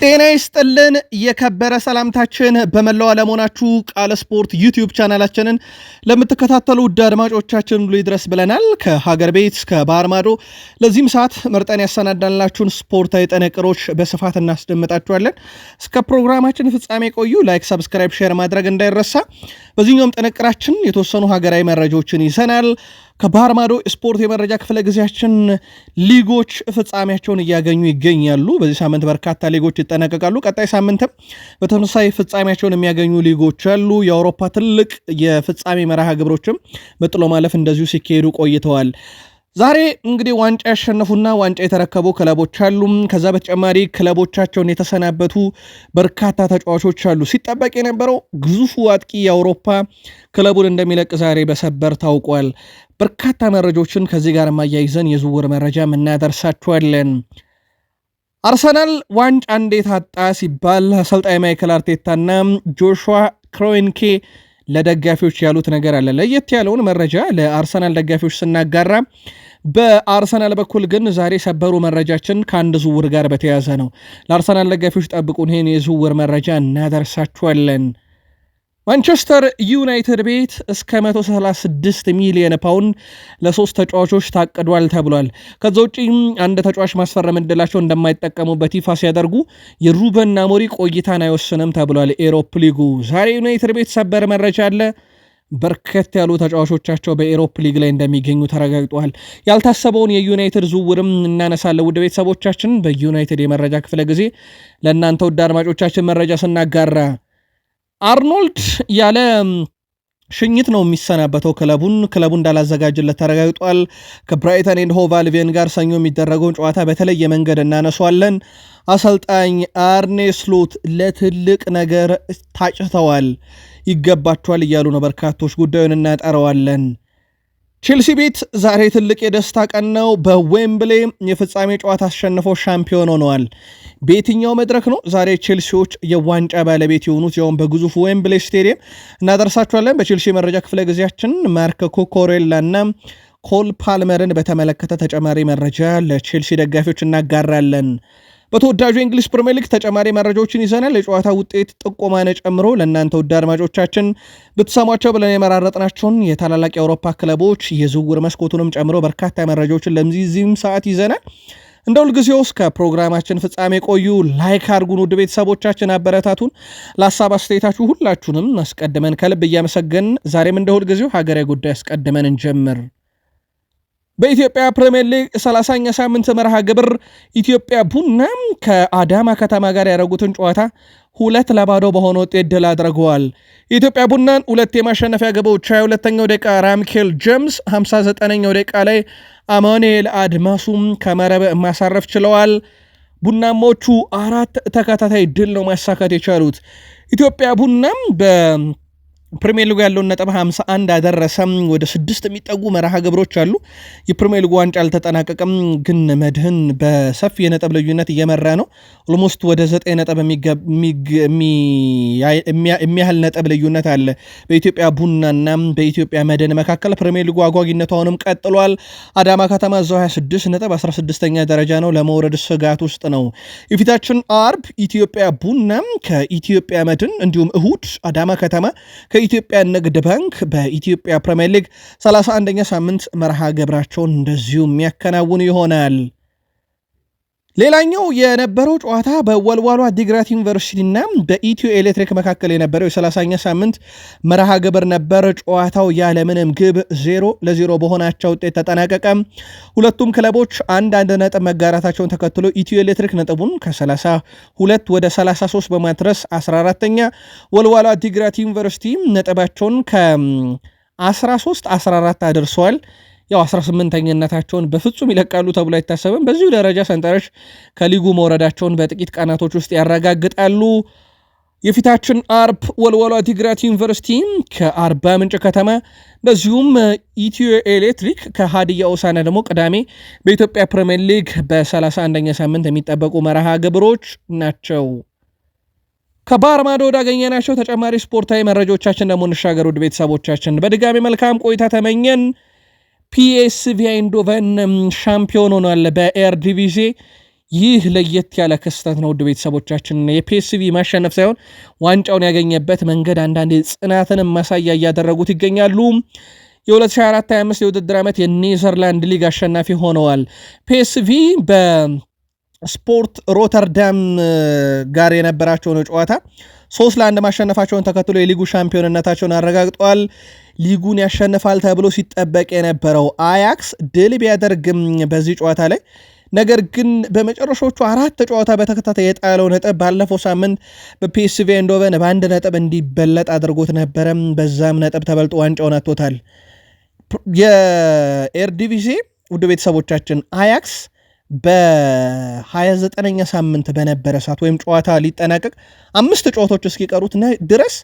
ጤና ይስጥልን የከበረ ሰላምታችን በመላው አለመሆናችሁ ቃለ ስፖርት ዩቲዩብ ቻናላችንን ለምትከታተሉ ውድ አድማጮቻችን ሁሉ ይድረስ ብለናል። ከሀገር ቤት እስከ ባህር ማዶ ለዚህም ሰዓት መርጠን ያሰናዳንላችሁን ስፖርታዊ ጥንቅሮች በስፋት እናስደምጣችኋለን። እስከ ፕሮግራማችን ፍጻሜ ቆዩ። ላይክ፣ ሰብስክራይብ፣ ሼር ማድረግ እንዳይረሳ። በዚህኛውም ጥንቅራችን የተወሰኑ ሀገራዊ መረጃዎችን ይዘናል። ከባህር ማዶ ስፖርት የመረጃ ክፍለ ጊዜያችን ሊጎች ፍጻሜያቸውን እያገኙ ይገኛሉ። በዚህ ሳምንት በርካታ ሊጎች ይጠናቀቃሉ። ቀጣይ ሳምንትም በተመሳሳይ ፍጻሜያቸውን የሚያገኙ ሊጎች አሉ። የአውሮፓ ትልቅ የፍጻሜ መርሃ ግብሮችም በጥሎ ማለፍ እንደዚሁ ሲካሄዱ ቆይተዋል። ዛሬ እንግዲህ ዋንጫ ያሸነፉና ዋንጫ የተረከቡ ክለቦች አሉ። ከዛ በተጨማሪ ክለቦቻቸውን የተሰናበቱ በርካታ ተጫዋቾች አሉ። ሲጠበቅ የነበረው ግዙፉ አጥቂ የአውሮፓ ክለቡን እንደሚለቅ ዛሬ በሰበር ታውቋል። በርካታ መረጃዎችን ከዚህ ጋር ማያይዘን የዝውውር መረጃ እናደርሳችኋለን። አርሰናል ዋንጫ እንዴት አጣ ሲባል አሰልጣኝ ማይክል አርቴታና ጆሹዋ ክሮንኬ ለደጋፊዎች ያሉት ነገር አለ። ለየት ያለውን መረጃ ለአርሰናል ደጋፊዎች ስናጋራ በአርሰናል በኩል ግን ዛሬ ሰበሩ መረጃችን ከአንድ ዝውውር ጋር በተያያዘ ነው። ለአርሰናል ደጋፊዎች ጠብቁን፣ ይህን የዝውውር መረጃ እናደርሳችኋለን። ማንቸስተር ዩናይትድ ቤት እስከ 136 ሚሊዮን ፓውንድ ለሶስት ተጫዋቾች ታቅዷል ተብሏል። ከዛ ውጪ አንድ ተጫዋች ማስፈረም እድላቸው እንደማይጠቀሙበት ይፋ ሲያደርጉ የሩበን አሞሪም ቆይታን አይወስንም ተብሏል። ኤሮፕ ሊጉ ዛሬ ዩናይትድ ቤት ሰበር መረጃ አለ። በርከት ያሉ ተጫዋቾቻቸው በኤሮፕ ሊግ ላይ እንደሚገኙ ተረጋግጠዋል። ያልታሰበውን የዩናይትድ ዝውውርም እናነሳለን። ውድ ቤተሰቦቻችን በዩናይትድ የመረጃ ክፍለ ጊዜ ለእናንተ ውድ አድማጮቻችን መረጃ ስናጋራ አርኖልድ ያለ ሽኝት ነው የሚሰናበተው ክለቡን ክለቡ እንዳላዘጋጅለት ተረጋግጧል። ከብራይተን ኤንድ ሆቭ አልቢዮን ጋር ሰኞ የሚደረገውን ጨዋታ በተለየ መንገድ እናነሷለን። አሰልጣኝ አርኔ ስሎት ለትልቅ ነገር ታጭተዋል፣ ይገባቸዋል እያሉ ነው በርካቶች። ጉዳዩን እናጠረዋለን። ቼልሲ ቤት ዛሬ ትልቅ የደስታ ቀን ነው። በዌምብሌ የፍጻሜ ጨዋታ አሸንፎ ሻምፒዮን ሆነዋል። በየትኛው መድረክ ነው ዛሬ ቼልሲዎች የዋንጫ ባለቤት የሆኑት? ያውም በግዙፍ ዌምብሌ ስቴዲየም እናደርሳችኋለን። በቼልሲ መረጃ ክፍለ ጊዜያችን ማርክ ኮኮሬላና ኮል ፓልመርን በተመለከተ ተጨማሪ መረጃ ለቼልሲ ደጋፊዎች እናጋራለን። በተወዳጁ የእንግሊዝ ፕሪምየር ሊግ ተጨማሪ መረጃዎችን ይዘናል። የጨዋታ ውጤት ጥቆማን ጨምሮ ለእናንተ ውድ አድማጮቻችን ብትሰሟቸው ብለን የመራረጥናቸውን የታላላቅ የአውሮፓ ክለቦች የዝውውር መስኮቱንም ጨምሮ በርካታ መረጃዎችን ለዚህም ሰዓት ይዘናል። እንደ ሁልጊዜው እስከ ፕሮግራማችን ፍጻሜ ቆዩ። ላይክ አድርጉን። ውድ ቤተሰቦቻችን አበረታቱን። ለሀሳብ አስተያየታችሁ ሁላችሁንም አስቀድመን ከልብ እያመሰገን ዛሬም እንደ ሁልጊዜው ሀገራዊ ጉዳይ አስቀድመን እንጀምር። በኢትዮጵያ ፕሪምየር ሊግ 30ኛ ሳምንት መርሃ ግብር ኢትዮጵያ ቡናም ከአዳማ ከተማ ጋር ያደረጉትን ጨዋታ ሁለት ለባዶ በሆነ ውጤት ድል አድርገዋል። ኢትዮጵያ ቡናን ሁለት የማሸነፊያ ግቦች 22ኛው ደቂቃ ራምኬል ጀምስ፣ 59ኛው ደቂቃ ላይ አማኑኤል አድማሱም ከመረብ ማሳረፍ ችለዋል። ቡናሞቹ አራት ተከታታይ ድል ነው ማሳካት የቻሉት። ኢትዮጵያ ቡናም በ ፕሪሚየር ሊጉ ያለውን ነጥብ 51 አደረሰም። ወደ ስድስት የሚጠጉ መርሃ ግብሮች አሉ። የፕሪሚየር ሊጉ ዋንጫ አልተጠናቀቀም፣ ግን መድህን በሰፊ የነጥብ ልዩነት እየመራ ነው። ኦልሞስት ወደ ዘጠኝ ነጥብ የሚያህል ነጥብ ልዩነት አለ በኢትዮጵያ ቡናና በኢትዮጵያ መድህን መካከል። ፕሪሚየር ሊጉ አጓጊነቱ አሁንም ቀጥሏል። አዳማ ከተማ እዛው 26 ነጥብ 16ኛ ደረጃ ነው፣ ለመውረድ ስጋት ውስጥ ነው። የፊታችን አርብ ኢትዮጵያ ቡና ከኢትዮጵያ መድህን እንዲሁም እሁድ አዳማ ከተማ ከኢትዮጵያ ንግድ ባንክ በኢትዮጵያ ፕሪምየር ሊግ 31ኛ ሳምንት መርሃ ግብራቸውን እንደዚሁ የሚያከናውኑ ይሆናል። ሌላኛው የነበረው ጨዋታ በወልዋሎ አዲግራት ዩኒቨርሲቲና በኢትዮ ኤሌክትሪክ መካከል የነበረው የ30ኛ ሳምንት መርሃ ግብር ነበር። ጨዋታው ያለምንም ግብ ዜሮ ለዜሮ በሆናቸው ውጤት ተጠናቀቀ። ሁለቱም ክለቦች አንድ አንድ ነጥብ መጋራታቸውን ተከትሎ ኢትዮ ኤሌክትሪክ ነጥቡን ከ32 ወደ 33 በማድረስ 14ተኛ፣ ወልዋሏ ዲግራት ዩኒቨርሲቲ ነጥባቸውን ከ13 14 አድርሰዋል። ያው 18ኝነታቸውን በፍጹም ይለቃሉ ተብሎ አይታሰብም። በዚሁ ደረጃ ሰንጠረዥ ከሊጉ መውረዳቸውን በጥቂት ቀናቶች ውስጥ ያረጋግጣሉ። የፊታችን አርብ ወልወሏ ዲግራት ዩኒቨርሲቲ ከአርባ ምንጭ ከተማ እንደዚሁም ኢትዮ ኤሌክትሪክ ከሃዲያ ኦሳና ደግሞ ቅዳሜ በኢትዮጵያ ፕሪምየር ሊግ በ31ኛ ሳምንት የሚጠበቁ መርሃ ግብሮች ናቸው። ከባህር ማዶ ወዳገኘናቸው ተጨማሪ ስፖርታዊ መረጃዎቻችን ደግሞ እንሻገር። ውድ ቤተሰቦቻችን በድጋሚ መልካም ቆይታ ተመኘን። ፒኤስቪ አይንዶቨን ሻምፒዮን ሆኗል በኤር ዲቪዜ። ይህ ለየት ያለ ክስተት ነው ውድ ቤተሰቦቻችን። የፒኤስቪ ማሸነፍ ሳይሆን ዋንጫውን ያገኘበት መንገድ አንዳንድ ጽናትንም ማሳያ እያደረጉት ይገኛሉ። የ2024/25 የውድድር ዓመት የኔዘርላንድ ሊግ አሸናፊ ሆነዋል። ፒኤስቪ በ ስፖርት ሮተርዳም ጋር የነበራቸውን ጨዋታ ሶስት ለአንድ ማሸነፋቸውን ተከትሎ የሊጉ ሻምፒዮንነታቸውን አረጋግጠዋል። ሊጉን ያሸንፋል ተብሎ ሲጠበቅ የነበረው አያክስ ድል ቢያደርግም በዚህ ጨዋታ ላይ ነገር ግን በመጨረሻዎቹ አራት ጨዋታ በተከታታይ የጣለው ነጥብ ባለፈው ሳምንት በፒኤስቪ ኤንዶቨን በአንድ ነጥብ እንዲበለጥ አድርጎት ነበረም። በዛም ነጥብ ተበልጦ ዋንጫውን አጥቶታል። የኤርዲቪዜ ውድ ቤተሰቦቻችን አያክስ በ29ኛ ሳምንት በነበረ ሰዓት ወይም ጨዋታ ሊጠናቀቅ አምስት ጨዋታዎች እስኪቀሩት ድረስ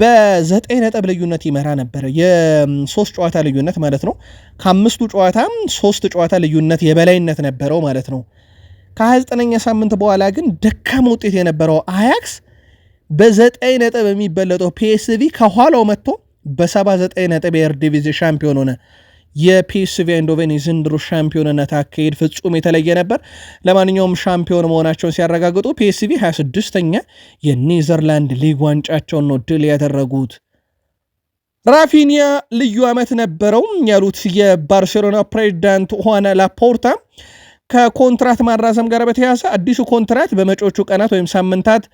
በዘጠኝ ነጥብ ልዩነት ይመራ ነበረ። የሶስት ጨዋታ ልዩነት ማለት ነው። ከአምስቱ ጨዋታም ሶስት ጨዋታ ልዩነት የበላይነት ነበረው ማለት ነው። ከ29ኛ ሳምንት በኋላ ግን ደካማ ውጤት የነበረው አያክስ በዘጠኝ ነጥብ የሚበለጠው ፒኤስቪ ከኋላው መጥቶ በ79 ነጥብ የኤርዲቪዚ ሻምፒዮን ሆነ። የፒኤስቪ አይንዶቬን የዘንድሮ ሻምፒዮንነት አካሄድ ፍጹም የተለየ ነበር። ለማንኛውም ሻምፒዮን መሆናቸውን ሲያረጋግጡ ፒኤስቪ 26ተኛ የኔዘርላንድ ሊግ ዋንጫቸውን ነው ድል ያደረጉት። ራፊኒያ ልዩ ዓመት ነበረው ያሉት የባርሴሎና ፕሬዚዳንት ሆነ ላፖርታ ከኮንትራት ማራዘም ጋር በተያያዘ አዲሱ ኮንትራት በመጪዎቹ ቀናት ወይም ሳምንታት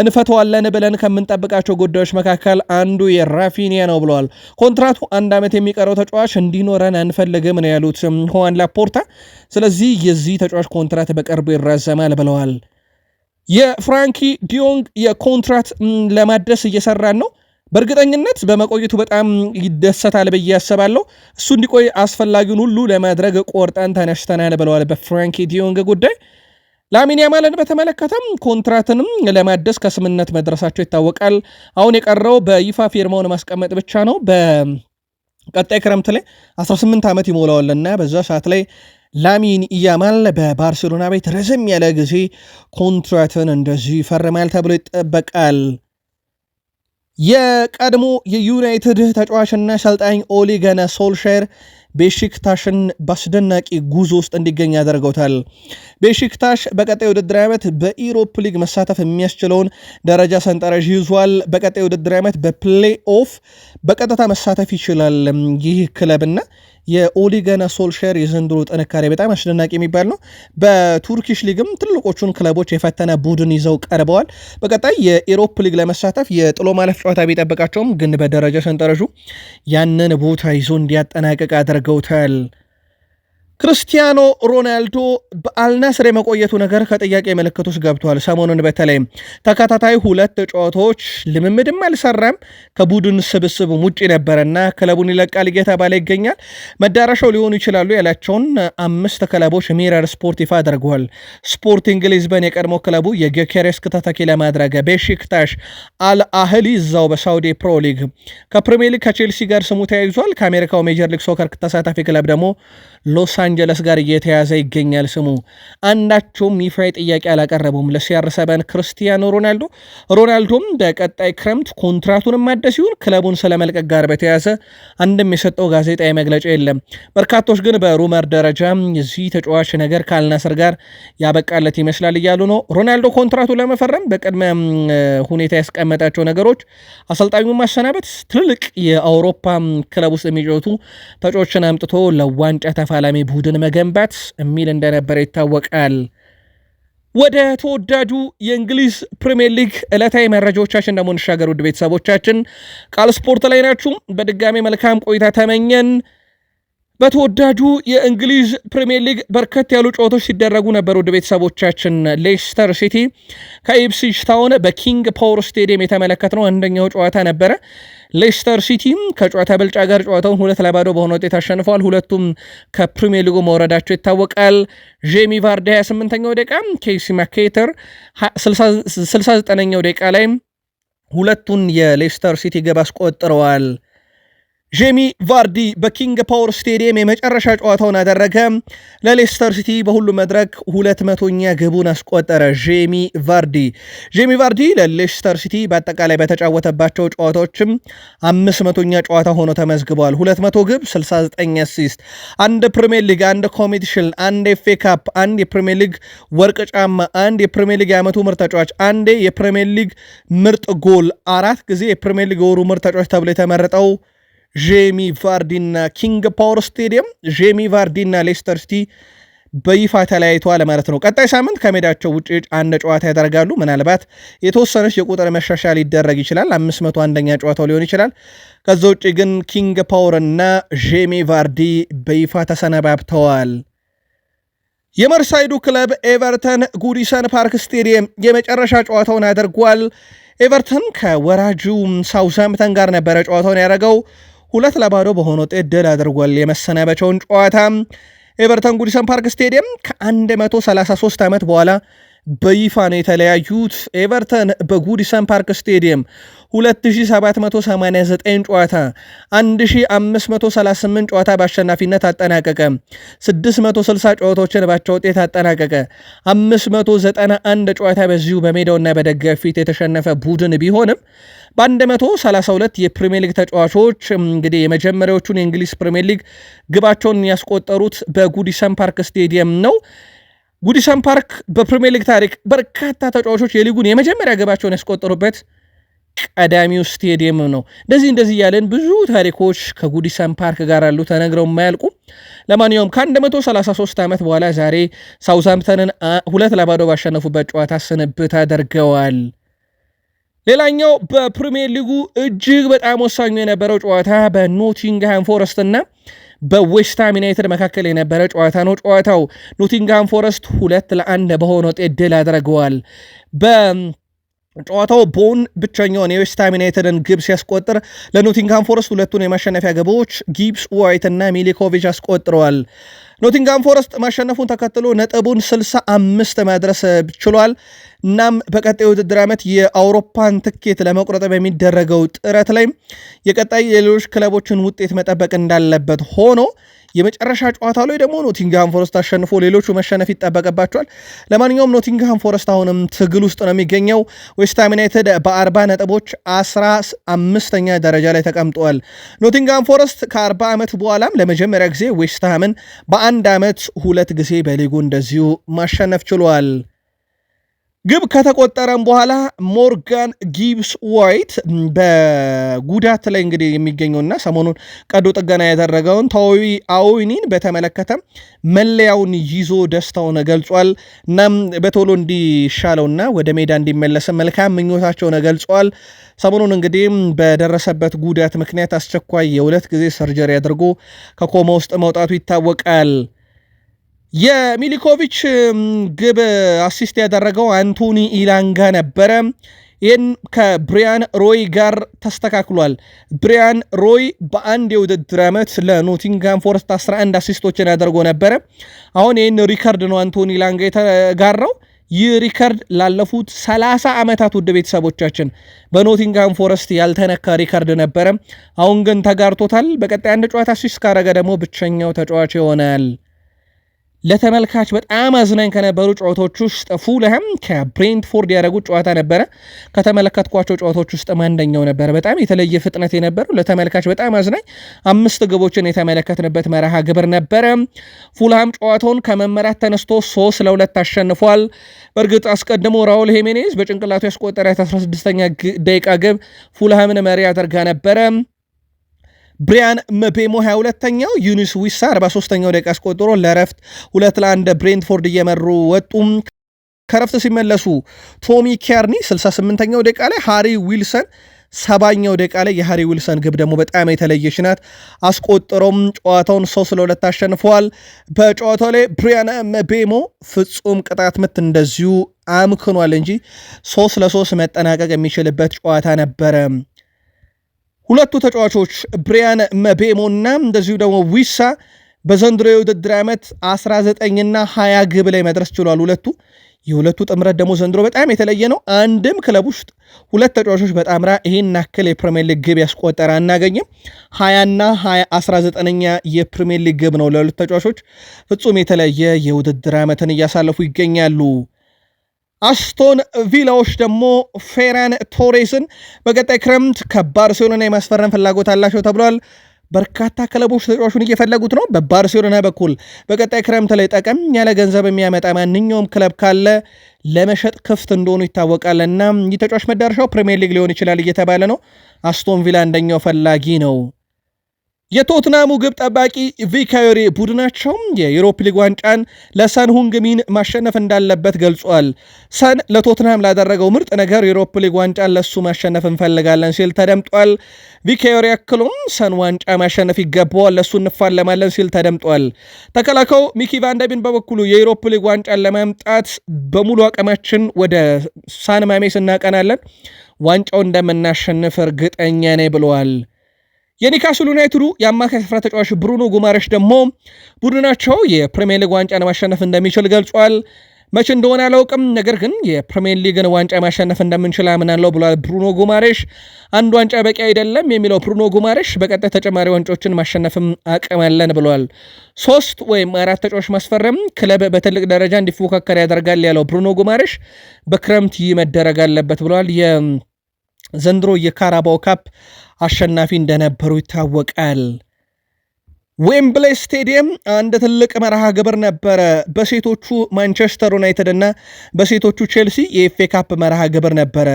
እንፈተዋለን ብለን ከምንጠብቃቸው ጉዳዮች መካከል አንዱ የራፊኒያ ነው ብለዋል። ኮንትራቱ አንድ ዓመት የሚቀረው ተጫዋች እንዲኖረን አንፈልግም ነው ያሉት ሁዋን ላፖርታ። ስለዚህ የዚህ ተጫዋች ኮንትራት በቅርቡ ይራዘማል ብለዋል። የፍራንኪ ዲዮንግ የኮንትራት ለማድረስ እየሰራን ነው በእርግጠኝነት በመቆየቱ በጣም ይደሰታል ብዬ አስባለሁ። እሱ እንዲቆይ አስፈላጊውን ሁሉ ለማድረግ ቆርጠን ተነሽተናል ብለዋል በፍራንኪ ዲዮንግ ጉዳይ። ላሚን ያማልን በተመለከተም ኮንትራትንም ለማደስ ከስምነት መድረሳቸው ይታወቃል። አሁን የቀረው በይፋ ፊርማውን ማስቀመጥ ብቻ ነው። በቀጣይ ክረምት ላይ 18 ዓመት ይሞላዋልና በዛ ሰዓት ላይ ላሚን ያማል በባርሴሎና ቤት ረዘም ያለ ጊዜ ኮንትራትን እንደዚህ ይፈርማል ተብሎ ይጠበቃል። የቀድሞ የዩናይትድ ተጫዋችና አሰልጣኝ ኦሊ ገነ ሶልሼር ቤሺክታሽን በአስደናቂ ጉዞ ውስጥ እንዲገኝ ያደርገውታል። ቤሺክታሽ በቀጣይ ውድድር ዓመት በኢሮፕ ሊግ መሳተፍ የሚያስችለውን ደረጃ ሰንጠረዥ ይዟል። በቀጣይ ውድድር ዓመት በፕሌይ ኦፍ በቀጥታ መሳተፍ ይችላል። ይህ ክለብና የኦሊ ገና ሶልሸር የዘንድሮ ጥንካሬ በጣም አስደናቂ የሚባል ነው። በቱርኪሽ ሊግም ትልቆቹን ክለቦች የፈተነ ቡድን ይዘው ቀርበዋል። በቀጣይ የኤሮፕ ሊግ ለመሳተፍ የጥሎ ማለፍ ጨዋታ ቢጠብቃቸውም ግን በደረጃ ሰንጠረዡ ያንን ቦታ ይዞ እንዲያጠናቅቅ አድርገ go tell ክርስቲያኖ ሮናልዶ በአልናስር የመቆየቱ ነገር ከጥያቄ ምልክቶች ገብቷል። ሰሞኑን በተለይም ተከታታይ ሁለት ጨዋታዎች ልምምድም አልሰራም፣ ከቡድን ስብስብም ውጭ ነበረና ክለቡን ይለቃል እየተባለ ይገኛል። መዳረሻው ሊሆኑ ይችላሉ ያላቸውን አምስት ክለቦች ሚረር ስፖርት ይፋ አድርገዋል። ስፖርቲንግ ሊዝበን የቀድሞ ክለቡ የጌኬሬስ ተተኪ ለማድረግ ቤሺክታሽ፣ አልአህሊ እዛው በሳውዲ ፕሮ ሊግ፣ ከፕሪሚየር ሊግ ከቼልሲ ጋር ስሙ ተያይዟል። ከአሜሪካው ሜጀር ሊግ ሶከር ተሳታፊ ክለብ ደግሞ ሎሳ አንጀለስ ጋር እየተያዘ ይገኛል ስሙ። አንዳቸውም ይፋ ጥያቄ አላቀረቡም ለሲያር ሰበን ክርስቲያኖ ሮናልዶ። ሮናልዶም በቀጣይ ክረምት ኮንትራቱን ማደስ ሲሆን ክለቡን ስለመልቀቅ ጋር በተያዘ አንድም የሰጠው ጋዜጣዊ መግለጫ የለም። በርካቶች ግን በሩመር ደረጃ እዚህ ተጫዋች ነገር ከአልናስር ጋር ያበቃለት ይመስላል እያሉ ነው። ሮናልዶ ኮንትራቱ ለመፈረም በቅድመ ሁኔታ ያስቀመጣቸው ነገሮች አሰልጣኙ ማሰናበት፣ ትልልቅ የአውሮፓ ክለብ ውስጥ የሚጫወቱ ተጫዎችን አምጥቶ ለዋንጫ ተፋላሚ ቡ ቡድን መገንባት የሚል እንደነበረ ይታወቃል። ወደ ተወዳጁ የእንግሊዝ ፕሪምየር ሊግ ዕለታዊ መረጃዎቻችን ደግሞ እንሻገር። ውድ ቤተሰቦቻችን ቃል ስፖርት ላይ ናችሁ። በድጋሚ መልካም ቆይታ ተመኘን። በተወዳጁ የእንግሊዝ ፕሪምየር ሊግ በርከት ያሉ ጨዋታዎች ሲደረጉ ነበር። ወደ ቤተሰቦቻችን ሌስተር ሲቲ ከኢፕስዊች ታውን በኪንግ ፓወር ስቴዲየም የተመለከትነው አንደኛው ጨዋታ ነበረ። ሌስተር ሲቲም ከጨዋታ ብልጫ ጋር ጨዋታውን ሁለት ለባዶ በሆነ ውጤት አሸንፈዋል። ሁለቱም ከፕሪምየር ሊጉ መውረዳቸው ይታወቃል። ጄሚ ቫርዲ 28ኛው ደቂቃ፣ ኬሲ ማኬተር 69ኛው ደቂቃ ላይ ሁለቱን የሌስተር ሲቲ ግብ አስቆጥረዋል። ጄሚ ቫርዲ በኪንግ ፓወር ስቴዲየም የመጨረሻ ጨዋታውን አደረገ። ለሌስተር ሲቲ በሁሉም መድረክ ሁለት መቶኛ ግቡን አስቆጠረ። ጄሚ ቫርዲ ጄሚ ቫርዲ ለሌስተር ሲቲ በአጠቃላይ በተጫወተባቸው ጨዋታዎችም አምስት መቶኛ ጨዋታ ሆኖ ተመዝግቧል። መቶ ግብ፣ 69 አሲስት፣ አንድ ፕሪሚየር ሊግ፣ አንድ ኮምፒቲሽን፣ አንድ ኤፍኤ ካፕ፣ አንድ የፕሪሚየር ሊግ ወርቅ ጫማ፣ አንድ የፕሪሚየር ሊግ የዓመቱ ምርጥ ተጫዋች፣ አንዴ የፕሪሚየር ሊግ ምርጥ ጎል፣ አራት ጊዜ የፕሪሚየር ሊግ ወሩ ምርጥ ተጫዋች ተብሎ የተመረጠው ጄሚ ቫርዲና ኪንግ ፓወር ስቴዲየም ጄሚ ቫርዲና ሌስተር ሲቲ በይፋ ተለያይተዋል ማለት ነው። ቀጣይ ሳምንት ከሜዳቸው ውጭ አንድ ጨዋታ ያደርጋሉ። ምናልባት የተወሰነች የቁጥር መሻሻል ሊደረግ ይችላል። አምስት መቶ አንደኛ ጨዋታው ሊሆን ይችላል። ከዛ ውጭ ግን ኪንግ ፓወር እና ጄሚ ቫርዲ በይፋ ተሰነባብተዋል። የመርሳይዱ ክለብ ኤቨርተን ጉዲሰን ፓርክ ስቴዲየም የመጨረሻ ጨዋታውን አድርጓል። ኤቨርተን ከወራጁ ሳውዛምተን ጋር ነበረ ጨዋታውን ያደረገው ሁለት ለባዶ በሆነ ውጤት ድል አድርጓል። የመሰናበቻውን ጨዋታ ኤቨርተን ጉዲሰን ፓርክ ስቴዲየም ከ133 ዓመት በኋላ በይፋ ነው የተለያዩት። ኤቨርተን በጉዲሰን ፓርክ ስቴዲየም 2789 ጨዋታ 1538 ጨዋታ በአሸናፊነት አጠናቀቀ። 660 ጨዋታዎችን ባቻ ውጤት አጠናቀቀ። 591 ጨዋታ በዚሁ በሜዳውና በደጋፊ ፊት የተሸነፈ ቡድን ቢሆንም በ132 የፕሪሚየር ሊግ ተጫዋቾች እንግዲህ የመጀመሪያዎቹን የእንግሊዝ ፕሪሚየር ሊግ ግባቸውን ያስቆጠሩት በጉዲሰን ፓርክ ስቴዲየም ነው። ጉዲሰን ፓርክ በፕሪሚየር ሊግ ታሪክ በርካታ ተጫዋቾች የሊጉን የመጀመሪያ ግባቸውን ያስቆጠሩበት ቀዳሚው ስቴዲየም ነው። እንደዚህ እንደዚህ እያለን ብዙ ታሪኮች ከጉዲሰን ፓርክ ጋር አሉ ተነግረው የማያልቁ። ለማንኛውም ከ133 ዓመት በኋላ ዛሬ ሳውዛምተንን ሁለት ለባዶ ባሸነፉበት ጨዋታ ስንብት አድርገዋል። ሌላኛው በፕሪሚየር ሊጉ እጅግ በጣም ወሳኙ የነበረው ጨዋታ በኖቲንግሃም ፎረስት እና በዌስትሃም ዩናይትድ መካከል የነበረ ጨዋታ ነው። ጨዋታው ኖቲንግሃም ፎረስት ሁለት ለአንድ በሆነ ውጤት ድል አድርገዋል። ጨዋታው ቦን ብቸኛውን የዌስትሃም ዩናይትድን ግብ ሲያስቆጥር ለኖቲንግሃም ፎረስት ሁለቱን የማሸነፊያ ግቦች ጊብስ ዋይት እና ሚሊኮቪች አስቆጥረዋል። ኖቲንግሃም ፎረስት ማሸነፉን ተከትሎ ነጥቡን 65 ማድረስ ችሏል። እናም በቀጣይ ውድድር ዓመት የአውሮፓን ትኬት ለመቁረጥ በሚደረገው ጥረት ላይ የቀጣይ የሌሎች ክለቦችን ውጤት መጠበቅ እንዳለበት ሆኖ የመጨረሻ ጨዋታ ላይ ደግሞ ኖቲንግሃም ፎረስት አሸንፎ ሌሎቹ መሸነፍ ይጠበቅባቸዋል። ለማንኛውም ኖቲንግሃም ፎረስት አሁንም ትግል ውስጥ ነው የሚገኘው። ዌስትሃም ዩናይትድ በአርባ ነጥቦች አስራ አምስተኛ ደረጃ ላይ ተቀምጠዋል። ኖቲንግሃም ፎረስት ከአርባ ዓመት በኋላም ለመጀመሪያ ጊዜ ዌስትሃምን በአንድ ዓመት ሁለት ጊዜ በሊጉ እንደዚሁ ማሸነፍ ችሏል። ግብ ከተቆጠረም በኋላ ሞርጋን ጊብስ ዋይት በጉዳት ላይ እንግዲህ የሚገኘውና ሰሞኑን ቀዶ ጥገና ያደረገውን ታዊ አዊኒን በተመለከተ መለያውን ይዞ ደስታውን ገልጿል። እናም በቶሎ እንዲሻለውና ወደ ሜዳ እንዲመለስ መልካም ምኞታቸውን ገልጿል። ሰሞኑን እንግዲህ በደረሰበት ጉዳት ምክንያት አስቸኳይ የሁለት ጊዜ ሰርጀሪ አድርጎ ከኮማ ውስጥ መውጣቱ ይታወቃል። የሚሊኮቪች ግብ አሲስት ያደረገው አንቶኒ ኢላንጋ ነበረ። ይህን ከብሪያን ሮይ ጋር ተስተካክሏል። ብሪያን ሮይ በአንድ የውድድር ዓመት ለኖቲንግሃም ፎረስት 11 አሲስቶችን ያደርጎ ነበረ። አሁን ይህን ሪከርድ ነው አንቶኒ ኢላንጋ የተጋራው። ይህ ሪከርድ ላለፉት 30 ዓመታት ውድ ቤተሰቦቻችን በኖቲንግሃም ፎረስት ያልተነካ ሪከርድ ነበረ። አሁን ግን ተጋርቶታል። በቀጣይ አንድ ጨዋታ አሲስት ካረገ ደግሞ ብቸኛው ተጫዋች ይሆናል። ለተመልካች በጣም አዝናኝ ከነበሩ ጨዋታዎች ውስጥ ፉልሃም ከብሬንትፎርድ ያደረጉት ጨዋታ ነበረ። ከተመለከትኳቸው ጨዋታዎች ውስጥ አንደኛው ነበረ። በጣም የተለየ ፍጥነት የነበረው ለተመልካች በጣም አዝናኝ አምስት ግቦችን የተመለከትንበት መርሃ ግብር ነበረ። ፉልሃም ጨዋታውን ከመመራት ተነስቶ ሶስት ለሁለት አሸንፏል። በእርግጥ አስቀድሞ ራውል ሄሜኔዝ በጭንቅላቱ ያስቆጠረ 16ኛ ደቂቃ ግብ ፉልሃምን መሪ አድርጋ ነበረ። ብሪያን መቤሞ 22 ተኛው ዩኒስ ዊሳ 43 ተኛው ደቂቃ አስቆጥሮ ለረፍት ሁለት ለአንድ ብሬንትፎርድ እየመሩ ወጡም። ከረፍት ሲመለሱ ቶሚ ኬርኒ 68ኛው ደቂቃ ላይ ሃሪ ዊልሰን ሰባኛው ደቂቃ ላይ የሃሪ ዊልሰን ግብ ደግሞ በጣም የተለየች ናት። አስቆጥሮም ጨዋታውን ሶስት ለሁለት አሸንፈዋል። በጨዋታው ላይ ብሪያን መቤሞ ፍጹም ቅጣት ምት እንደዚሁ አምክኗል እንጂ ሶስት ለሶስት መጠናቀቅ የሚችልበት ጨዋታ ነበረ። ሁለቱ ተጫዋቾች ብሪያን መቤሞና እንደዚሁ ደግሞ ዊሳ በዘንድሮ የውድድር ዓመት 19ና 20 ግብ ላይ መድረስ ችሏል። ሁለቱ የሁለቱ ጥምረት ደግሞ ዘንድሮ በጣም የተለየ ነው። አንድም ክለብ ውስጥ ሁለት ተጫዋቾች በጣምራ ይህን ያክል የፕሪሚየር ሊግ ግብ ያስቆጠረ አናገኝም። 20ና 19ኛ የፕሪሚየር ሊግ ግብ ነው ለሁለት ተጫዋቾች። ፍጹም የተለየ የውድድር ዓመትን እያሳለፉ ይገኛሉ። አስቶን ቪላዎች ደግሞ ፌራን ቶሬስን በቀጣይ ክረምት ከባርሴሎና የማስፈረም ፍላጎት አላቸው ተብሏል። በርካታ ክለቦች ተጫዋቹን እየፈለጉት ነው። በባርሴሎና በኩል በቀጣይ ክረምት ላይ ጠቀም ያለ ገንዘብ የሚያመጣ ማንኛውም ክለብ ካለ ለመሸጥ ክፍት እንደሆኑ ይታወቃል እና ይህ ተጫዋች መዳረሻው ፕሪሚየር ሊግ ሊሆን ይችላል እየተባለ ነው። አስቶን ቪላ አንደኛው ፈላጊ ነው። የቶትናሙ ግብ ጠባቂ ቪካዮሪ ቡድናቸው የዩሮፕ ሊግ ዋንጫን ለሰን ሁንግሚን ማሸነፍ እንዳለበት ገልጿል። ሰን ለቶትናም ላደረገው ምርጥ ነገር የዩሮፕ ሊግ ዋንጫን ለሱ ማሸነፍ እንፈልጋለን ሲል ተደምጧል። ቪካዮሪ አክሎም ሰን ዋንጫ ማሸነፍ ይገባዋል፣ ለሱ እንፋለማለን ሲል ተደምጧል። ተከላካዩ ሚኪ ቫንደቢን በበኩሉ የዩሮፕ ሊግ ዋንጫን ለማምጣት በሙሉ አቅማችን ወደ ሳን ማሜስ እናቀናለን፣ ዋንጫው እንደምናሸንፍ እርግጠኛ ነኝ ብለዋል። የኒካስል ዩናይትዱ የአማካይ ስፍራ ተጫዋች ብሩኖ ጉማረሽ ደግሞ ቡድናቸው የፕሪሚየር ሊግ ዋንጫን ማሸነፍ እንደሚችል ገልጿል። መቼ እንደሆነ አላውቅም፣ ነገር ግን የፕሪሚየር ሊግን ዋንጫ ማሸነፍ እንደምንችል አምናለሁ ብሏል ብሩኖ ጉማሬሽ። አንድ ዋንጫ በቂ አይደለም የሚለው ብሩኖ ጉማሬሽ በቀጣይ ተጨማሪ ዋንጫዎችን ማሸነፍም አቅም አለን ብሏል። ሶስት ወይም አራት ተጫዋች ማስፈረም ክለብ በትልቅ ደረጃ እንዲፎካከር ያደርጋል ያለው ብሩኖ ጉማሬሽ በክረምት ይህ መደረግ አለበት ብሏል። የዘንድሮ የካራባው ካፕ አሸናፊ እንደነበሩ ይታወቃል። ዌምብሌ ስቴዲየም አንድ ትልቅ መርሃ ግብር ነበረ። በሴቶቹ ማንቸስተር ዩናይትድ እና በሴቶቹ ቼልሲ የኤፌ ካፕ መርሃ ግብር ነበረ።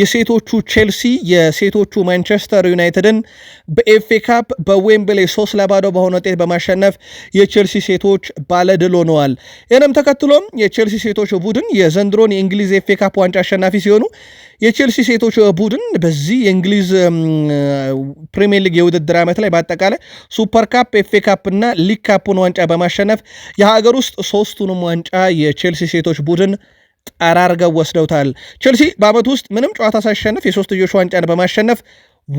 የሴቶቹ ቼልሲ የሴቶቹ ማንቸስተር ዩናይትድን በኤፌ ካፕ በዌምብሌ ሶስት ለባዶ በሆነ ውጤት በማሸነፍ የቼልሲ ሴቶች ባለድል ሆነዋል። ይህንም ተከትሎም የቼልሲ ሴቶች ቡድን የዘንድሮን የእንግሊዝ ኤፌ ካፕ ዋንጫ አሸናፊ ሲሆኑ የቼልሲ ሴቶች ቡድን በዚህ የእንግሊዝ ፕሪሚየር ሊግ የውድድር ዓመት ላይ በአጠቃላይ ሱፐር ካፕ፣ ኤፌ ካፕ እና ሊግ ካፑን ዋንጫ በማሸነፍ የሀገር ውስጥ ሶስቱንም ዋንጫ የቼልሲ ሴቶች ቡድን ጠራርገው ወስደውታል። ቼልሲ በዓመት ውስጥ ምንም ጨዋታ ሳያሸንፍ የሶስትዮሽ ዋንጫን በማሸነፍ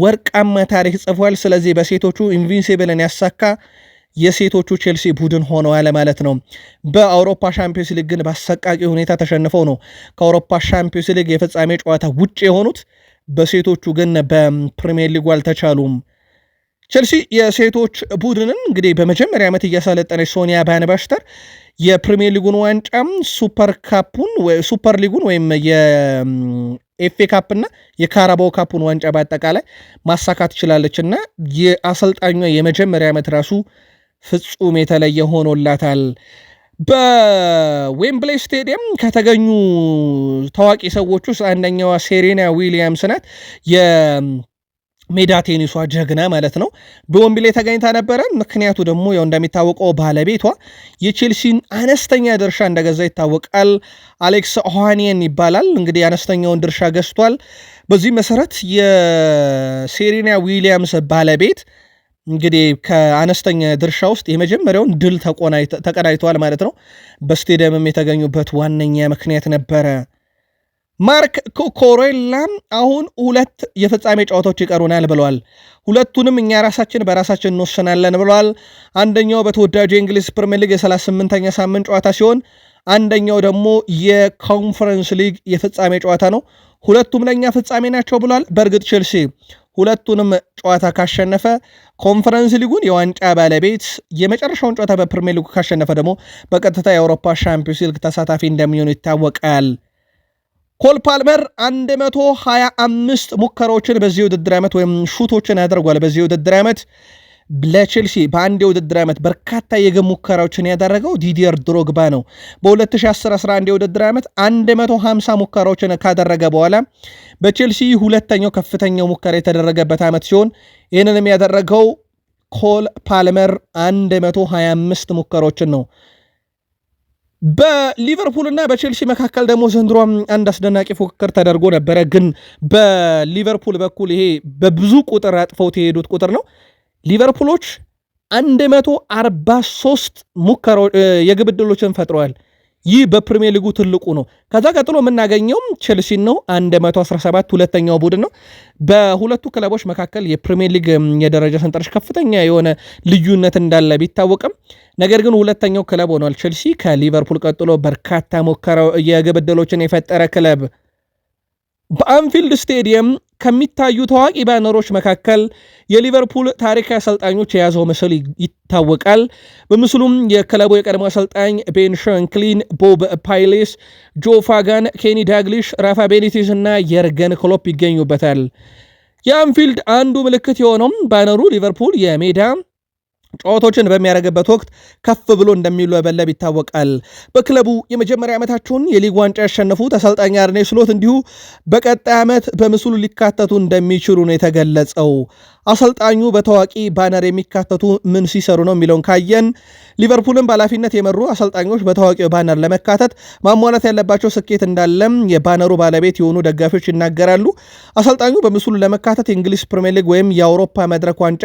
ወርቃማ ታሪክ ጽፏል። ስለዚህ በሴቶቹ ኢንቪንሲብልን ያሳካ የሴቶቹ ቼልሲ ቡድን ሆነዋል ማለት ነው። በአውሮፓ ሻምፒዮንስ ሊግ ግን በአሰቃቂ ሁኔታ ተሸንፈው ነው ከአውሮፓ ሻምፒዮንስ ሊግ የፍጻሜ ጨዋታ ውጭ የሆኑት። በሴቶቹ ግን በፕሪሚየር ሊጉ አልተቻሉም። ቼልሲ የሴቶች ቡድንን እንግዲህ በመጀመሪያ ዓመት እያሰለጠነች ሶኒያ ባንባሽተር የፕሪሚየር ሊጉን ዋንጫም ሱፐር ካፑን ሱፐር ሊጉን ወይም የኤፌ ካፕና የካራባው ካፑን ዋንጫ በአጠቃላይ ማሳካት ትችላለች እና የአሰልጣኟ የመጀመሪያ ዓመት ራሱ ፍጹም የተለየ ሆኖላታል። በዌምብሌ ስቴዲየም ከተገኙ ታዋቂ ሰዎች ውስጥ አንደኛዋ ሴሬና ዊሊያምስ ናት። የሜዳ ቴኒሷ ጀግና ማለት ነው። በዌምብሌ ተገኝታ ነበረ። ምክንያቱ ደግሞ ያው እንደሚታወቀው ባለቤቷ የቼልሲን አነስተኛ ድርሻ እንደገዛ ይታወቃል። አሌክስ ኦሃኒየን ይባላል። እንግዲህ አነስተኛውን ድርሻ ገዝቷል። በዚህ መሰረት የሴሪና ዊሊያምስ ባለቤት እንግዲህ ከአነስተኛ ድርሻ ውስጥ የመጀመሪያውን ድል ተቀዳጅተዋል ማለት ነው። በስቴዲየምም የተገኙበት ዋነኛ ምክንያት ነበረ። ማርክ ኮኮሬላም አሁን ሁለት የፍጻሜ ጨዋታዎች ይቀሩናል ብለዋል። ሁለቱንም እኛ ራሳችን በራሳችን እንወስናለን ብለዋል። አንደኛው በተወዳጁ የእንግሊዝ ፕሪምየር ሊግ የ38ኛ ሳምንት ጨዋታ ሲሆን አንደኛው ደግሞ የኮንፈረንስ ሊግ የፍጻሜ ጨዋታ ነው። ሁለቱም ለእኛ ፍጻሜ ናቸው ብሏል። በእርግጥ ቼልሲ ሁለቱንም ጨዋታ ካሸነፈ ኮንፈረንስ ሊጉን የዋንጫ ባለቤት፣ የመጨረሻውን ጨዋታ በፕሪሚየር ሊጉ ካሸነፈ ደግሞ በቀጥታ የአውሮፓ ሻምፒዮንስ ሊግ ተሳታፊ እንደሚሆኑ ይታወቃል። ኮል ፓልመር 125 ሙከራዎችን በዚህ ውድድር ዓመት ወይም ሹቶችን ያደርጓል። በዚህ ውድድር ዓመት ለቼልሲ በአንድ የውድድር ዓመት በርካታ የግብ ሙከራዎችን ያደረገው ዲዲየር ድሮግባ ነው። በ2011 11 የውድድር ዓመት 150 ሙከራዎችን ካደረገ በኋላ በቼልሲ ሁለተኛው ከፍተኛው ሙከራ የተደረገበት ዓመት ሲሆን ይህንንም ያደረገው ኮል ፓልመር 125 ሙከራዎችን ነው። በሊቨርፑልና በቼልሲ መካከል ደግሞ ዘንድሮ አንድ አስደናቂ ፉክክር ተደርጎ ነበረ። ግን በሊቨርፑል በኩል ይሄ በብዙ ቁጥር አጥፈው የሄዱት ቁጥር ነው ሊቨርፑሎች 143 ሙከራ የግብ ዕድሎችን ፈጥረዋል። ይህ በፕሪሚየር ሊጉ ትልቁ ነው። ከዛ ቀጥሎ የምናገኘውም ቼልሲን ነው 117 ሁለተኛው ቡድን ነው። በሁለቱ ክለቦች መካከል የፕሪሚየር ሊግ የደረጃ ሰንጠረዥ ከፍተኛ የሆነ ልዩነት እንዳለ ቢታወቅም ነገር ግን ሁለተኛው ክለብ ሆኗል ቼልሲ ከሊቨርፑል ቀጥሎ በርካታ ሙከራ የግብ ዕድሎችን የፈጠረ ክለብ በአንፊልድ ስቴዲየም ከሚታዩ ታዋቂ ባነሮች መካከል የሊቨርፑል ታሪካዊ አሰልጣኞች የያዘው ምስል ይታወቃል። በምስሉም የክለቡ የቀድሞ አሰልጣኝ ቤን ሸንክሊን፣ ቦብ ፓይሌስ፣ ጆ ፋጋን፣ ኬኒ ዳግሊሽ፣ ራፋ ቤኒቲስ እና የርገን ክሎፕ ይገኙበታል። የአንፊልድ አንዱ ምልክት የሆነውም ባነሩ ሊቨርፑል የሜዳ ጨዋታዎችን በሚያደርግበት ወቅት ከፍ ብሎ እንደሚውለበለብ ይታወቃል። በክለቡ የመጀመሪያ ዓመታቸውን የሊግ ዋንጫ ያሸነፉት አሰልጣኝ አርኔ ስሎት እንዲሁ በቀጣይ ዓመት በምስሉ ሊካተቱ እንደሚችሉ ነው የተገለጸው። አሰልጣኙ በታዋቂ ባነር የሚካተቱ ምን ሲሰሩ ነው የሚለውን ካየን ሊቨርፑልን በኃላፊነት የመሩ አሰልጣኞች በታዋቂው ባነር ለመካተት ማሟላት ያለባቸው ስኬት እንዳለም የባነሩ ባለቤት የሆኑ ደጋፊዎች ይናገራሉ። አሰልጣኙ በምስሉ ለመካተት የእንግሊዝ ፕሪምየር ሊግ ወይም የአውሮፓ መድረክ ዋንጫ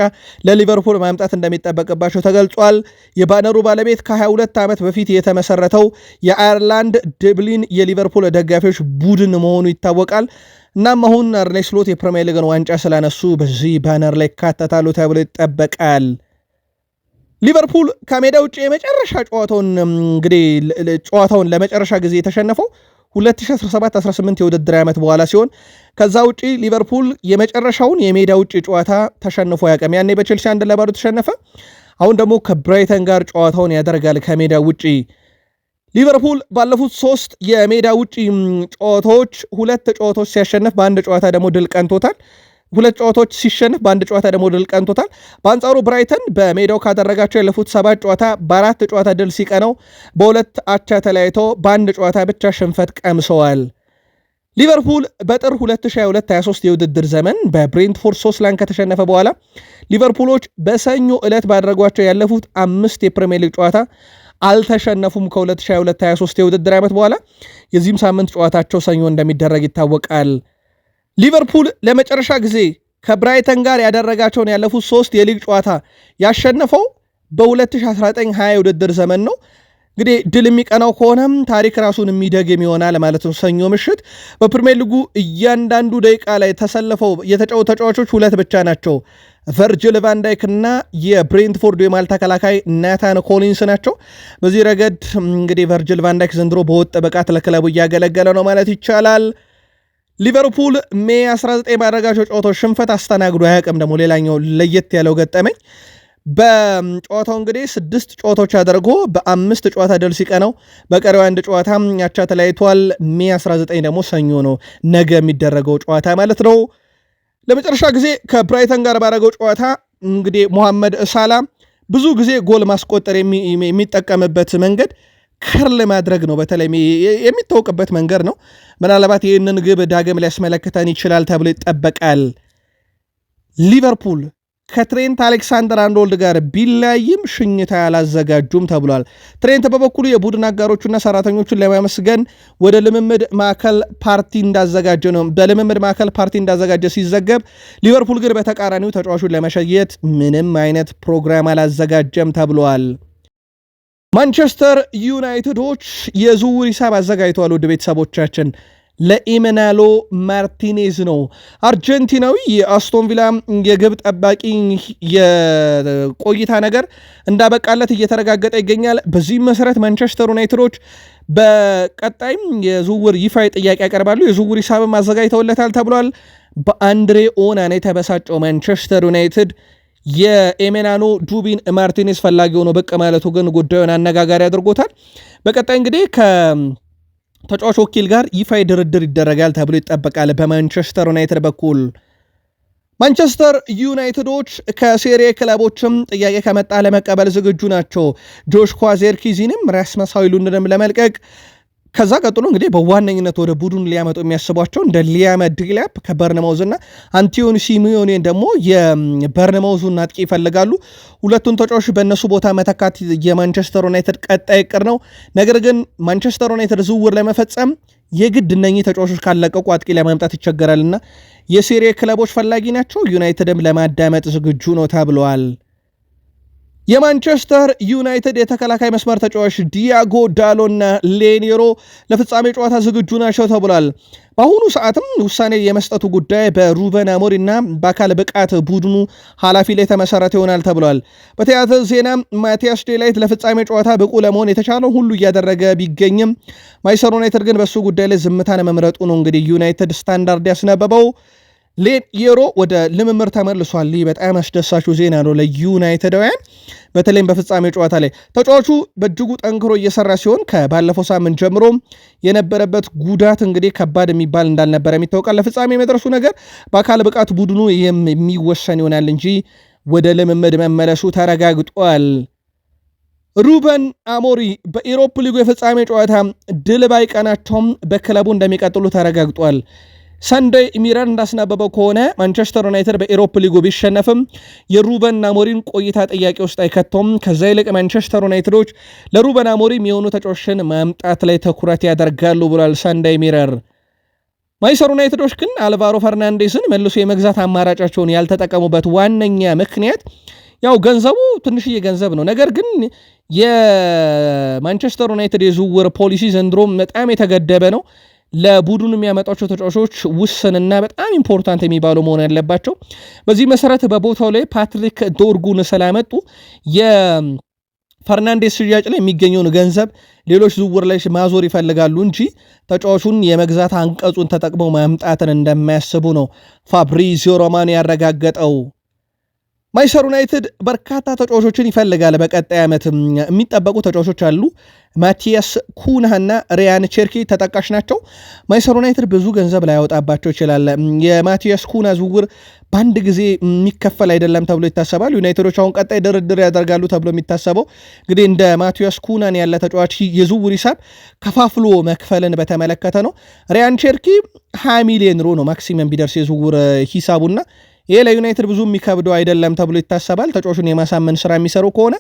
ለሊቨርፑል ማምጣት እንደሚጠበቅባቸው ተገልጿል። የባነሩ ባለቤት ከ22 ዓመት በፊት የተመሰረተው የአየርላንድ ድብሊን የሊቨርፑል ደጋፊዎች ቡድን መሆኑ ይታወቃል። እናም አሁን አርኔ ስሎት የፕሪሚየር ሊግን ዋንጫ ስላነሱ በዚህ ባነር ላይ ይካተታሉ ተብሎ ይጠበቃል። ሊቨርፑል ከሜዳ ውጭ የመጨረሻ ጨዋታውን እንግዲህ ጨዋታውን ለመጨረሻ ጊዜ የተሸነፈው 2017-18 የውድድር ዓመት በኋላ ሲሆን ከዛ ውጪ ሊቨርፑል የመጨረሻውን የሜዳ ውጭ ጨዋታ ተሸንፎ ያቀም ያኔ በቼልሲ አንድ ለባዶ ተሸነፈ። አሁን ደግሞ ከብራይተን ጋር ጨዋታውን ያደርጋል ከሜዳ ውጪ ሊቨርፑል ባለፉት ሶስት የሜዳ ውጭ ጨዋታዎች ሁለት ጨዋታዎች ሲያሸነፍ በአንድ ጨዋታ ደግሞ ድል ቀንቶታል። ሁለት ጨዋታዎች ሲሸንፍ በአንድ ጨዋታ ደግሞ ድል ቀንቶታል። በአንጻሩ ብራይተን በሜዳው ካደረጋቸው ያለፉት ሰባት ጨዋታ በአራት ጨዋታ ድል ሲቀነው በሁለት አቻ ተለያይቶ በአንድ ጨዋታ ብቻ ሽንፈት ቀምሰዋል። ሊቨርፑል በጥር 2022/23 የውድድር ዘመን በብሬንትፎርድ 3 ላን ከተሸነፈ በኋላ ሊቨርፑሎች በሰኞ ዕለት ባደረጓቸው ያለፉት አምስት የፕሪምየር ሊግ ጨዋታ አልተሸነፉም ከ2022/23 የውድድር ዓመት በኋላ። የዚህም ሳምንት ጨዋታቸው ሰኞ እንደሚደረግ ይታወቃል። ሊቨርፑል ለመጨረሻ ጊዜ ከብራይተን ጋር ያደረጋቸውን ያለፉት ሶስት የሊግ ጨዋታ ያሸነፈው በ2019/20 የውድድር ዘመን ነው። እንግዲህ ድል የሚቀናው ከሆነም ታሪክ ራሱን የሚደግም ይሆናል ማለት ነው። ሰኞ ምሽት በፕሪሚየር ሊጉ እያንዳንዱ ደቂቃ ላይ ተሰልፈው የተጫወቱ ተጫዋቾች ሁለት ብቻ ናቸው። ቨርጅል ቫንዳይክ እና የብሬንትፎርዱ የማል ተከላካይ ናታን ኮሊንስ ናቸው። በዚህ ረገድ እንግዲህ ቨርጅል ቫንዳይክ ዘንድሮ በወጥ ብቃት ለክለቡ እያገለገለ ነው ማለት ይቻላል። ሊቨርፑል ሜ 19 ባደረጋቸው ጨዋታዎች ሽንፈት አስተናግዶ አያውቅም። ደግሞ ሌላኛው ለየት ያለው ገጠመኝ በጨዋታው እንግዲህ ስድስት ጨዋታዎች አድርጎ በአምስት ጨዋታ ድል ሲቀነው በቀሪው አንድ ጨዋታ አቻ ተለያይቷል። ሜ 19 ደግሞ ሰኞ ነው ነገ የሚደረገው ጨዋታ ማለት ነው። ለመጨረሻ ጊዜ ከብራይተን ጋር ባደረገው ጨዋታ እንግዲህ ሞሐመድ ሳላ ብዙ ጊዜ ጎል ማስቆጠር የሚጠቀምበት መንገድ ከርል ማድረግ ነው። በተለይ የሚታወቅበት መንገድ ነው። ምናልባት ይህንን ግብ ዳግም ሊያስመለክተን ይችላል ተብሎ ይጠበቃል። ሊቨርፑል ከትሬንት አሌክሳንደር አንዶልድ ጋር ቢለያይም ሽኝታ ያላዘጋጁም ተብሏል። ትሬንት በበኩሉ የቡድን አጋሮቹና ሰራተኞቹን ለማመስገን ወደ ልምምድ ማዕከል ፓርቲ እንዳዘጋጀ ነው በልምምድ ማዕከል ፓርቲ እንዳዘጋጀ ሲዘገብ፣ ሊቨርፑል ግን በተቃራኒው ተጫዋቹን ለመሸየት ምንም አይነት ፕሮግራም አላዘጋጀም ተብሏል። ማንቸስተር ዩናይትዶች የዝውውር ሂሳብ አዘጋጅተዋል። ውድ ቤተሰቦቻችን ለኤመናሎ ማርቲኔዝ ነው። አርጀንቲናዊ የአስቶንቪላ የግብ ጠባቂ የቆይታ ነገር እንዳበቃለት እየተረጋገጠ ይገኛል። በዚህም መሰረት ማንቸስተር ዩናይትዶች በቀጣይም የዝውውር ይፋ ጥያቄ ያቀርባሉ። የዝውውር ሂሳብም አዘጋጅተውለታል ተብሏል። በአንድሬ ኦናና የተበሳጨው ማንቸስተር ዩናይትድ የኤሜናኖ ጁቢን ማርቲኔስ ፈላጊ ሆኖ ብቅ ማለቱ ግን ጉዳዩን አነጋጋሪ አድርጎታል። በቀጣይ እንግዲህ ከ ተጫዋች ወኪል ጋር ይፋ ድርድር ይደረጋል ተብሎ ይጠበቃል። በማንቸስተር ዩናይትድ በኩል ማንቸስተር ዩናይትዶች ከሴሬ ክለቦችም ጥያቄ ከመጣ ለመቀበል ዝግጁ ናቸው። ጆሽኳ ዜርኪዚንም ራስመስ ሆይሉንድንም ለመልቀቅ ከዛ ቀጥሎ እንግዲህ በዋነኝነት ወደ ቡድኑ ሊያመጡ የሚያስቧቸው እንደ ሊያመ ከበርነማውዝ ከበርንማውዝና አንቶኒ ሲሚዮኔን ደግሞ የበርንማውዙን አጥቂ ይፈልጋሉ። ሁለቱን ተጫዋች በእነሱ ቦታ መተካት የማንቸስተር ዩናይትድ ቀጣይ እቅድ ነው። ነገር ግን ማንቸስተር ዩናይትድ ዝውውር ለመፈጸም የግድ እነኚህ ተጫዋቾች ካለቀቁ አጥቂ ለማምጣት ይቸገራልና የሴሪ ክለቦች ፈላጊ ናቸው። ዩናይትድም ለማዳመጥ ዝግጁ ነው ተብለዋል። የማንቸስተር ዩናይትድ የተከላካይ መስመር ተጫዋች ዲያጎ ዳሎና ሌኔሮ ለፍጻሜ ጨዋታ ዝግጁ ናቸው ተብሏል። በአሁኑ ሰዓትም ውሳኔ የመስጠቱ ጉዳይ በሩበን አሞሪ በአካል ብቃት ቡድኑ ኃላፊ ላይ ተመሰረተ ይሆናል ተብሏል። በተያዘ ዜና ማቲያስ ዴላይት ለፍጻሜ ጨዋታ ብቁ ለመሆን የተቻለው ሁሉ እያደረገ ቢገኝም ማንቸስተር ዩናይትድ ግን በእሱ ጉዳይ ላይ ዝምታን መምረጡ ነው እንግዲህ ዩናይትድ ስታንዳርድ ያስነበበው። ሌየሮ ወደ ልምምር ተመልሷል። ይህ በጣም አስደሳች ዜና ነው ለዩናይትዳውያን በተለይም በፍጻሜ ጨዋታ ላይ ተጫዋቹ በእጅጉ ጠንክሮ እየሰራ ሲሆን ከባለፈው ሳምንት ጀምሮ የነበረበት ጉዳት እንግዲህ ከባድ የሚባል እንዳልነበረ የሚታወቃል። ለፍጻሜ የመድረሱ ነገር በአካል ብቃት ቡድኑ የሚወሰን ይሆናል እንጂ ወደ ልምምድ መመለሱ ተረጋግጧል። ሩበን አሞሪ በኢሮፕ ሊጉ የፍጻሜ ጨዋታ ድል ባይቀናቸውም በክለቡ እንደሚቀጥሉ ተረጋግጧል። ሰንደይ ሚረር እንዳስነበበው ከሆነ ማንቸስተር ዩናይትድ በኤሮፕ ሊጉ ቢሸነፍም የሩበን አሞሪን ቆይታ ጥያቄ ውስጥ አይከቶም። ከዛ ይልቅ ማንቸስተር ዩናይትዶች ለሩበን አሞሪም የሆኑ ተጫዋቾችን ማምጣት ላይ ትኩረት ያደርጋሉ ብሏል ሰንደይ ሚረር። ማይሰር ዩናይትዶች ግን አልቫሮ ፈርናንዴስን መልሶ የመግዛት አማራጫቸውን ያልተጠቀሙበት ዋነኛ ምክንያት ያው ገንዘቡ ትንሽዬ ገንዘብ ነው። ነገር ግን የማንቸስተር ዩናይትድ የዝውውር ፖሊሲ ዘንድሮም በጣም የተገደበ ነው። ለቡድኑ የሚያመጣቸው ተጫዋቾች ውስንና በጣም ኢምፖርታንት የሚባሉ መሆን ያለባቸው። በዚህ መሰረት በቦታው ላይ ፓትሪክ ዶርጉን ስላመጡ የፈርናንዴስ ሽያጭ ላይ የሚገኘውን ገንዘብ ሌሎች ዝውውር ላይ ማዞር ይፈልጋሉ እንጂ ተጫዋቹን የመግዛት አንቀጹን ተጠቅመው ማምጣትን እንደማያስቡ ነው ፋብሪዚዮ ሮማኖ ያረጋገጠው። ማንቸስተር ዩናይትድ በርካታ ተጫዋቾችን ይፈልጋል። በቀጣይ ዓመት የሚጠበቁ ተጫዋቾች አሉ። ማቲያስ ኩናና ሪያን ቼርኪ ተጠቃሽ ናቸው። ማንቸስተር ዩናይትድ ብዙ ገንዘብ ላያወጣባቸው ይችላል። የማቲያስ ኩና ዝውውር በአንድ ጊዜ የሚከፈል አይደለም ተብሎ ይታሰባል። ዩናይትዶች አሁን ቀጣይ ድርድር ያደርጋሉ ተብሎ የሚታሰበው እንግዲህ እንደ ማቲያስ ኩናን ያለ ተጫዋች የዝውውር ሂሳብ ከፋፍሎ መክፈልን በተመለከተ ነው። ሪያን ቼርኪ 20 ሚሊዮን ሮ ነው ማክሲመም ቢደርስ የዝውውር ሂሳቡና ይሄ ለዩናይትድ ብዙ የሚከብደው አይደለም ተብሎ ይታሰባል። ተጫዋቹን የማሳመን ስራ የሚሰሩ ከሆነ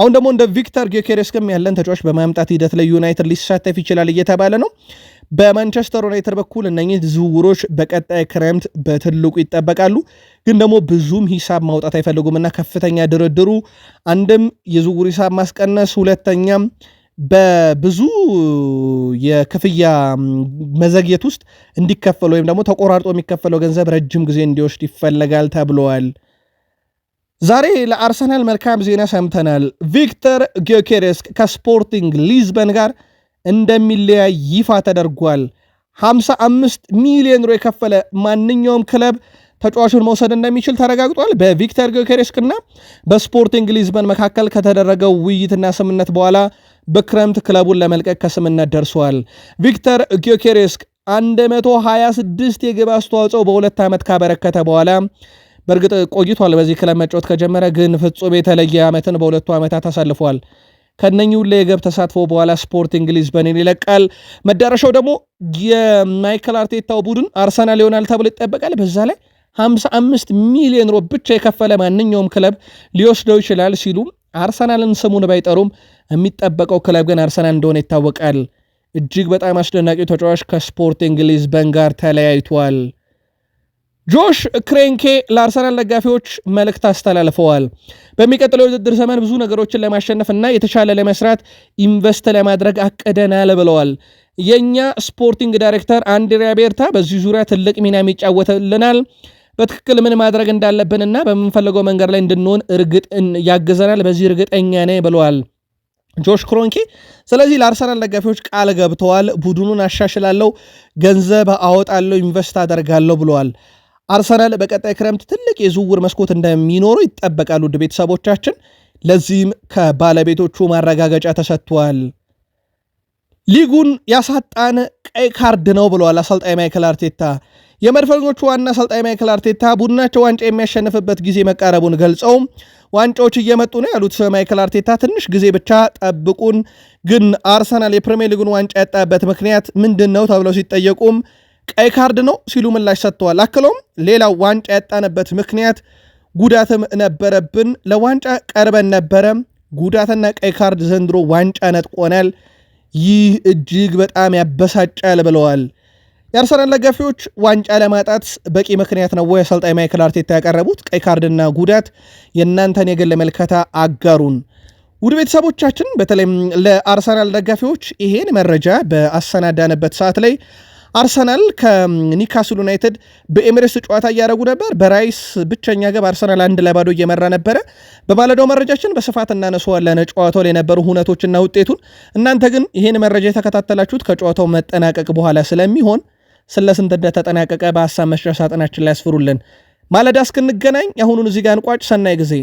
አሁን ደግሞ እንደ ቪክተር ጌኬሬስም ያለን ተጫዋች በማምጣት ሂደት ላይ ዩናይትድ ሊሳተፍ ይችላል እየተባለ ነው። በማንቸስተር ዩናይትድ በኩል እነኚህ ዝውውሮች በቀጣይ ክረምት በትልቁ ይጠበቃሉ። ግን ደግሞ ብዙም ሂሳብ ማውጣት አይፈልጉም እና ከፍተኛ ድርድሩ አንድም የዝውውር ሂሳብ ማስቀነስ፣ ሁለተኛም በብዙ የክፍያ መዘግየት ውስጥ እንዲከፈል ወይም ደግሞ ተቆራርጦ የሚከፈለው ገንዘብ ረጅም ጊዜ እንዲወስድ ይፈለጋል ተብለዋል። ዛሬ ለአርሰናል መልካም ዜና ሰምተናል። ቪክተር ጊዮኬሬስክ ከስፖርቲንግ ሊዝበን ጋር እንደሚለያይ ይፋ ተደርጓል። 55 ሚሊዮን ዩሮ የከፈለ ማንኛውም ክለብ ተጫዋቹን መውሰድ እንደሚችል ተረጋግጧል። በቪክተር ጊዮኬሬስክ እና በስፖርቲንግ ሊዝበን መካከል ከተደረገው ውይይትና ስምነት በኋላ በክረምት ክለቡን ለመልቀቅ ከስምነት ደርሷል። ቪክተር ጊዮኬሬስክ 126 የግብ አስተዋጽኦ በሁለት ዓመት ካበረከተ በኋላ በእርግጥ ቆይቷል በዚህ ክለብ መጫወት ከጀመረ ግን ፍጹም የተለየ ዓመትን በሁለቱ ዓመታት አሳልፏል። ከነኚህ ሁሉ የግብ ተሳትፎ በኋላ ስፖርት እንግሊዝ በኔን ይለቃል። መዳረሻው ደግሞ የማይክል አርቴታው ቡድን አርሰናል ይሆናል ተብሎ ይጠበቃል። በዛ ላይ 55 ሚሊዮን ዩሮ ብቻ የከፈለ ማንኛውም ክለብ ሊወስደው ይችላል ሲሉ አርሰናልን ስሙን ባይጠሩም የሚጠበቀው ክለብ ግን አርሰናል እንደሆነ ይታወቃል። እጅግ በጣም አስደናቂ ተጫዋች ከስፖርቲንግ ሊዝበን ጋር ተለያይቷል። ጆሽ ክሬንኬ ለአርሰናል ደጋፊዎች መልእክት አስተላልፈዋል። በሚቀጥለው የውድድር ዘመን ብዙ ነገሮችን ለማሸነፍ እና የተሻለ ለመስራት ኢንቨስት ለማድረግ አቅደናል ብለዋል። የእኛ ስፖርቲንግ ዳይሬክተር አንድሪያ ቤርታ በዚህ ዙሪያ ትልቅ ሚና ይጫወትልናል። በትክክል ምን ማድረግ እንዳለብንና በምንፈልገው መንገድ ላይ እንድንሆን እርግጥ ያግዘናል። በዚህ እርግጠኛ ነኝ ብለዋል ጆሽ ክሮንኪ። ስለዚህ ለአርሰናል ደጋፊዎች ቃል ገብተዋል። ቡድኑን አሻሽላለሁ፣ ገንዘብ አወጣለሁ፣ ኢንቨስት አደርጋለሁ ብለዋል። አርሰናል በቀጣይ ክረምት ትልቅ የዝውውር መስኮት እንደሚኖሩ ይጠበቃሉ ውድ ቤተሰቦቻችን ለዚህም ከባለቤቶቹ ማረጋገጫ ተሰጥቷል። ሊጉን ያሳጣን ቀይ ካርድ ነው ብለዋል አሰልጣኝ ማይክል አርቴታ። የመድፈኞቹ ዋና አሰልጣኝ ማይክል አርቴታ ቡድናቸው ዋንጫ የሚያሸንፍበት ጊዜ መቃረቡን ገልጸው ዋንጫዎች እየመጡ ነው ያሉት ማይክል አርቴታ ትንሽ ጊዜ ብቻ ጠብቁን፣ ግን አርሰናል የፕሪሚየር ሊጉን ዋንጫ ያጣበት ምክንያት ምንድን ነው ተብለው ሲጠየቁም ቀይ ካርድ ነው ሲሉ ምላሽ ሰጥተዋል። አክለውም ሌላው ዋንጫ ያጣንበት ምክንያት ጉዳትም ነበረብን፣ ለዋንጫ ቀርበን ነበረ፣ ጉዳትና ቀይ ካርድ ዘንድሮ ዋንጫ ነጥቆናል፣ ይህ እጅግ በጣም ያበሳጫል ብለዋል። የአርሰናል ደጋፊዎች ዋንጫ ለማጣት በቂ ምክንያት ነው ወይ አሰልጣኝ ማይክል አርቴታ ያቀረቡት ቀይ ካርድና ጉዳት የእናንተን የግል መልከታ አጋሩን ውድ ቤተሰቦቻችን በተለይም ለአርሰናል ደጋፊዎች ይሄን መረጃ በአሰናዳንበት ሰዓት ላይ አርሰናል ከኒካስል ዩናይትድ በኤምሬስ ጨዋታ እያደረጉ ነበር። በራይስ ብቸኛ ገብ አርሰናል አንድ ለባዶ እየመራ ነበረ። በማለዳው መረጃችን በስፋት እናነሰዋለን ጨዋታው ላይ የነበሩ ሁነቶችና ውጤቱን። እናንተ ግን ይህን መረጃ የተከታተላችሁት ከጨዋታው መጠናቀቅ በኋላ ስለሚሆን ስለ ስንት ተጠናቀቀ በሀሳብ መስጫ ሳጥናችን ላይ ያስፍሩልን። ማለዳ እስክንገናኝ የአሁኑን እዚህ ጋር እንቋጭ። ሰናይ ጊዜ